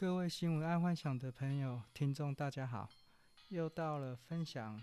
各位新聞愛幻想的朋友、聽眾，大家好！又到了分享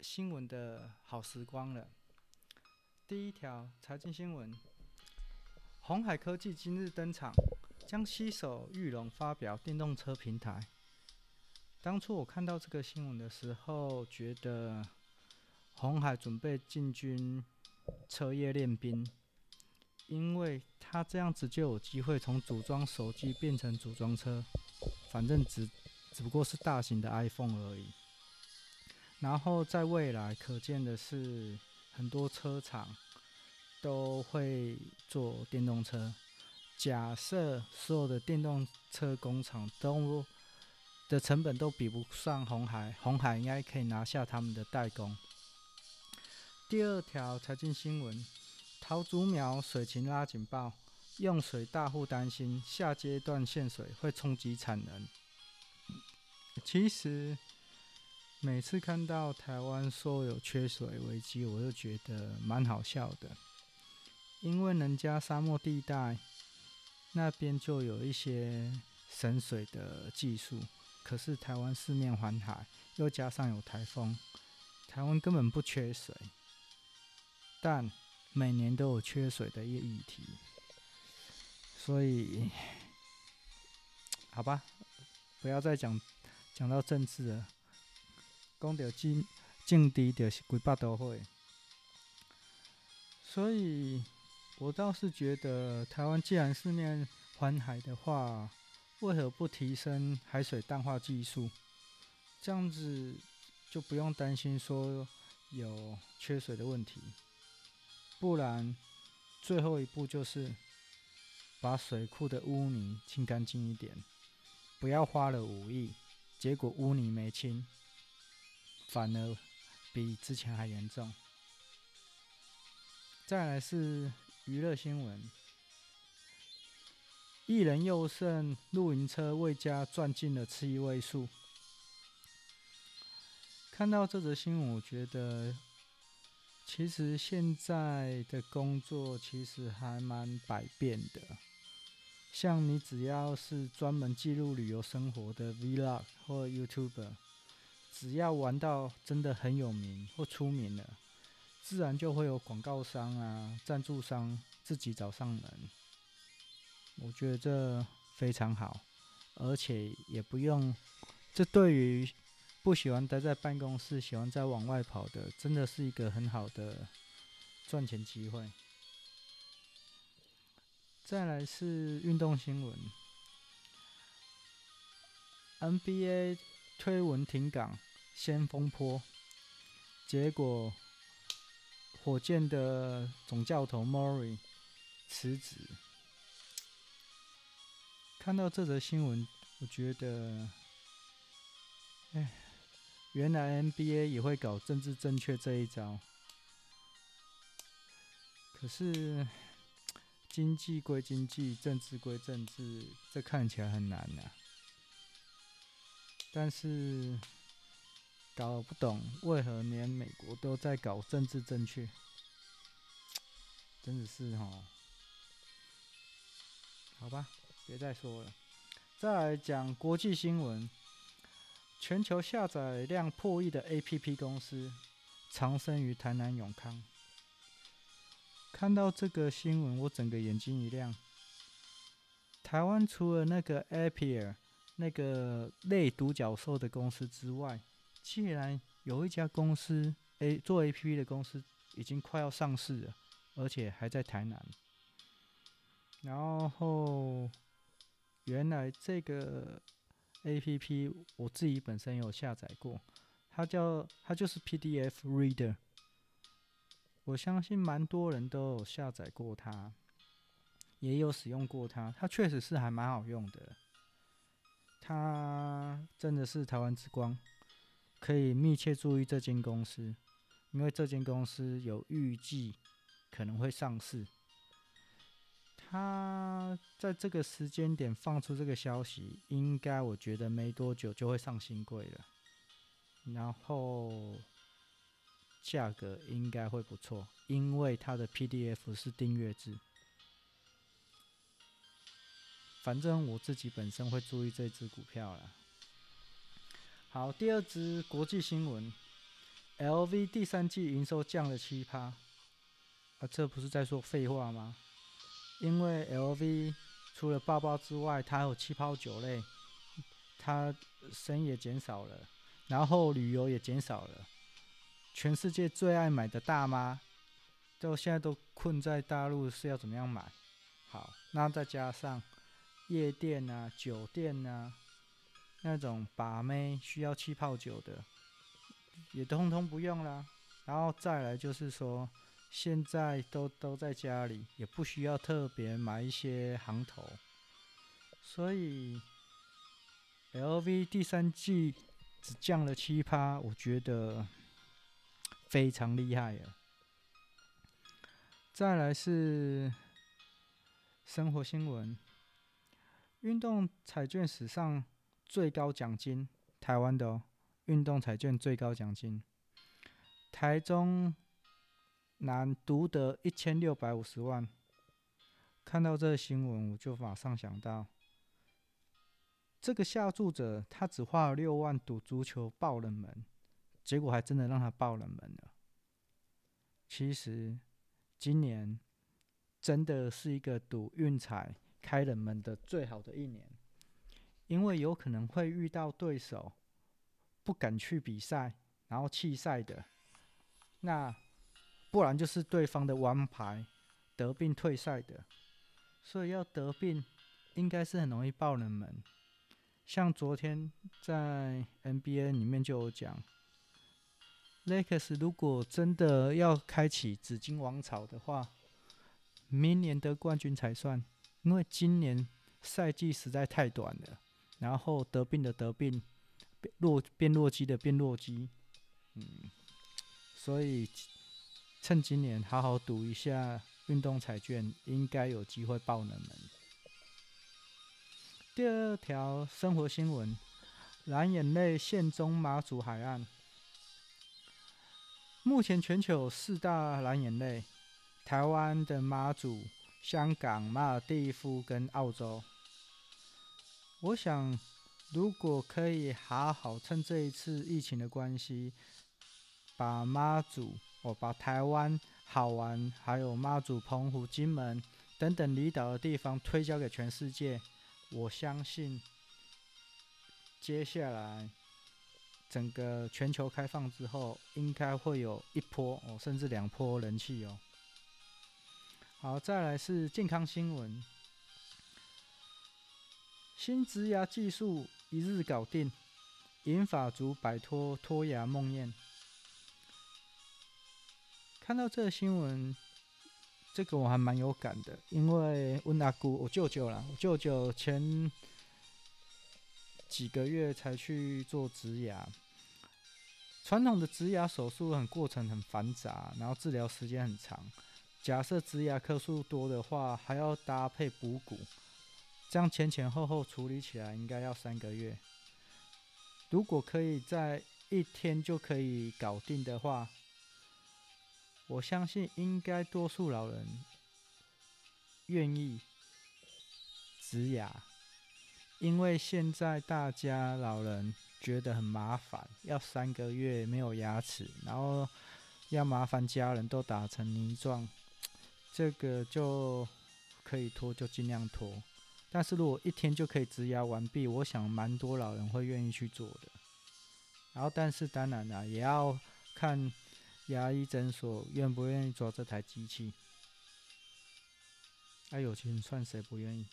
新聞的好時光了。第一條財經新聞：鴻海科技今日登場，將攜手裕隆發表電動車平台。當初我看到這個新聞的時候，覺得鴻海準備進軍車業練兵。因為他這樣子就有機會從組裝手機變成組裝車，反正只只不過是大型的 iPhone 而已。然後在未來可見的是，很多車廠都會做電動車。假設所有的電動車工廠都的成本都比不上鴻海，鴻海應該可以拿下他們的代工。第二條財經新聞。桃竹苗水情拉警報，用水大戶擔心下階段限水會衝擊產能。其實，每次看到台灣說有缺水危機，我就覺得蠻好笑的，因為人家沙漠地帶那邊就有一些省水的技術，可是台灣四面環海，又加上有颱風，台灣根本不缺水，但。每年都有缺水的一個議題，所以，好吧，不要再講講到政治了。講到政政治，就是幾百多歲。所以，我倒是覺得，台灣既然四面環海的話，為何不提升海水淡化技術？這樣子就不用擔心說有缺水的問題。不然，最後一步就是把水庫的污泥清乾淨一點，不要花了五億，結果污泥沒清，反而比之前還嚴重。再來是娛樂新聞，藝人宥勝露營車為家賺進了七位數。看到這則新聞，我覺得。其實現在的工作其實還蠻百變的，像你只要是專門記錄旅遊生活的 Vlog 或 YouTube，只要玩到真的很有名或出名了，自然就會有廣告商啊、贊助商自己找上門。我覺得這非常好，而且也不用，這對於。不喜歡待在辦公室，喜歡在往外跑的，真的是一個很好的賺錢機會。再來是運動新聞，NBA 推文挺港掀波，結果火箭的總教頭摩瑞辭職。看到這則新聞，我覺得，哎原來 NBA 也會搞政治正確這一招，可是經濟歸經濟，政治歸政治，這看起來很難啊。但是搞不懂為何連美國都在搞政治正確，真的是哈。好吧，別再說了，再來講國際新聞。全球下載量破億的 APP 公司，藏身於台南永康。看到這個新聞，我整個眼睛一亮。台灣除了那個 Appier、那個類獨角獸的公司之外，竟然有一家公司 A 做 APP 的公司已經快要上市了，而且還在台南。然後，原來這個。APP，我自己本身有下載過，它叫它就是 PDF Reader，我相信蠻多人都有下載過它，也有使用過它，它確實是還蠻好用的，它真的是台灣之光，可以密切注意這間公司，因為這間公司有預計可能會上市。他在這個時間點放出這個消息，應該我覺得沒多久就會上新貴了。然後價格應該會不錯，因為它的 PDF 是訂閱制。反正我自己本身會注意這支股票了。好，第二支國際新聞，LV 第三季營收降了七趴，啊，這不是在說廢話嗎？因為 L V 除了包包之外，它還有氣泡酒類，它生意也減少了，然後旅遊也減少了，全世界最愛買的大媽，都現在都困在大陸，是要怎麼樣買？好，那再加上夜店啊、酒店啊，那種把妹需要氣泡酒的，也通通不用啦。然後再來就是說。現在都都在家裡，也不需要特別買一些行頭，所以 LV 第三季只降了七趴，我覺得非常厲害。再來是生活新聞，運動彩券史上最高獎金，台灣的哦，運動彩券最高獎金，台中。男獨得一千六百五十萬。看到這個新聞，我就馬上想到，這個下注者他只花了六萬賭足球爆冷門，結果還真的讓他爆冷門了。其實，今年真的是一個賭運彩開冷門的最好的一年，因為有可能會遇到對手不敢去比賽，然後棄賽的那。不然就是對方的王牌得病退賽的，所以要得病應該是很容易爆冷門。像昨天在 NBA 裡面就有講，Lakers 如果真的要開啟紫金王朝的話，明年的冠軍才算，因為今年賽季實在太短了。然後得病的得病，弱變弱雞的變弱雞，嗯，所以。趁今年好好賭一下運動彩券，應該有機會爆冷門。第二條生活新聞：藍眼淚現蹤馬祖海岸。目前全球四大藍眼淚，台灣的馬祖、香港、馬爾地夫跟澳洲。我想，如果可以，好好趁這一次疫情的關係，把馬祖。我、哦、把台灣好玩，還有媽祖、澎湖、金門等等離島的地方推銷給全世界。我相信，接下來整個全球開放之後，應該會有一波哦，甚至兩波人氣哦。好，再來是健康新聞：新植牙技術一日搞定，銀髮族擺脫脫牙夢魘。看到這個新聞，這個我還蠻有感的，因為溫阿姑，我舅舅啦，我舅舅前幾個月才去做植牙。傳統的植牙手術很過程很繁雜，然後治療時間很長。假設植牙顆數多的話，還要搭配補骨，這樣前前後後處理起來應該要三個月。如果可以在一天就可以搞定的話，我相信應該多數老人願意植牙，因為現在大家老人覺得很麻煩，要三個月沒有牙齒，然後要麻煩家人都打成泥狀，這個就可以拖就儘量拖。但是如果一天就可以植牙完畢，我想蠻多老人會願意去做的。然後，但是當然啦、啊，也要看。牙醫診所願不願意做這台機器？哎呦，親，算誰不願意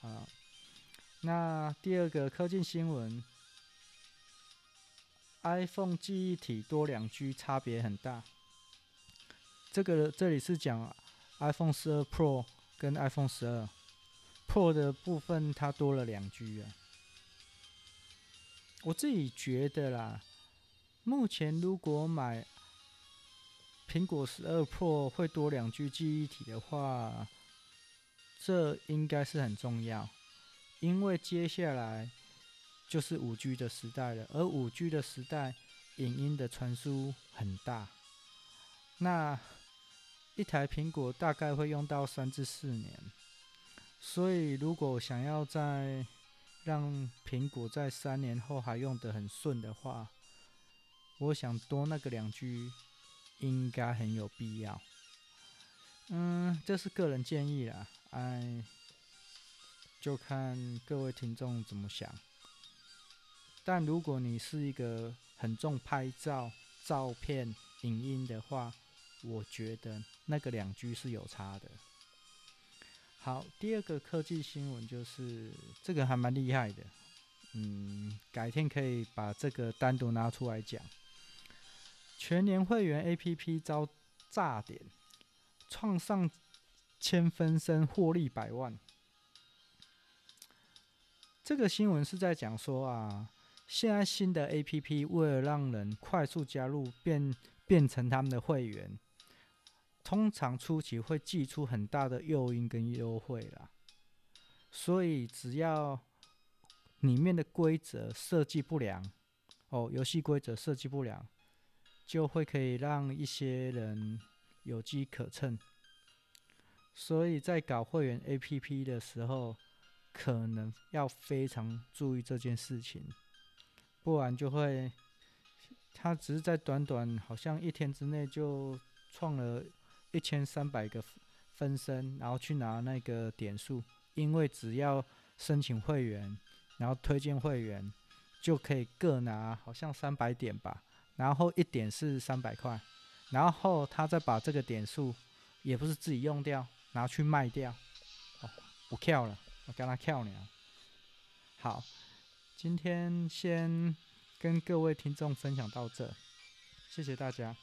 啊？那第二個科技新聞，iPhone 記憶體多兩 G 差別很大。這個這裡是講 iPhone 十二 Pro 跟 iPhone 十二 Pro 的部分，它多了兩 G 啊。我自己覺得啦，目前如果買。蘋果十二 Pro 會多兩 G 記憶體的話，這應該是很重要，因為接下來就是五 G 的時代了。而五 G 的時代，影音的傳輸很大，那一台蘋果大概會用到三至四年，所以如果想要在讓蘋果在三年後還用得很順的話，我想多那個兩 G。應該很有必要，嗯，這是個人建議啦，哎，就看各位聽眾怎麼想。但如果你是一個很重拍照、照片、影音的話，我覺得那個兩 G 是有差的。好，第二個科技新聞就是這個還蠻厲害的，嗯，改天可以把這個單獨拿出來講。全年會員 A P P 招炸點，創上千分身獲利百萬。這個新聞是在講說啊，現在新的 A P P 為了讓人快速加入變變成他們的會員，通常初期會寄出很大的誘因跟優惠啦，所以只要裡面的規則設計不良，哦，遊戲規則設計不良。就會可以讓一些人有機可乘，所以在搞會員 APP 的時候，可能要非常注意這件事情，不然就會他只是在短短好像一天之內就創了一千三百個分身，然後去拿那個點數，因為只要申請會員，然後推薦會員，就可以各拿好像三百點吧。然後一點是三百塊，然後他再把這個點數，也不是自己用掉，拿去賣掉，不、哦、跳了，我跟他跳了。好，今天先跟各位聽眾分享到這，謝謝大家。